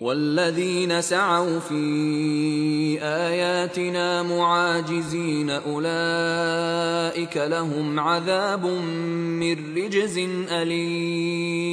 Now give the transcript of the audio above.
والذين سعوا في اياتنا معاجزين اولئك لهم عذاب من رجز اليم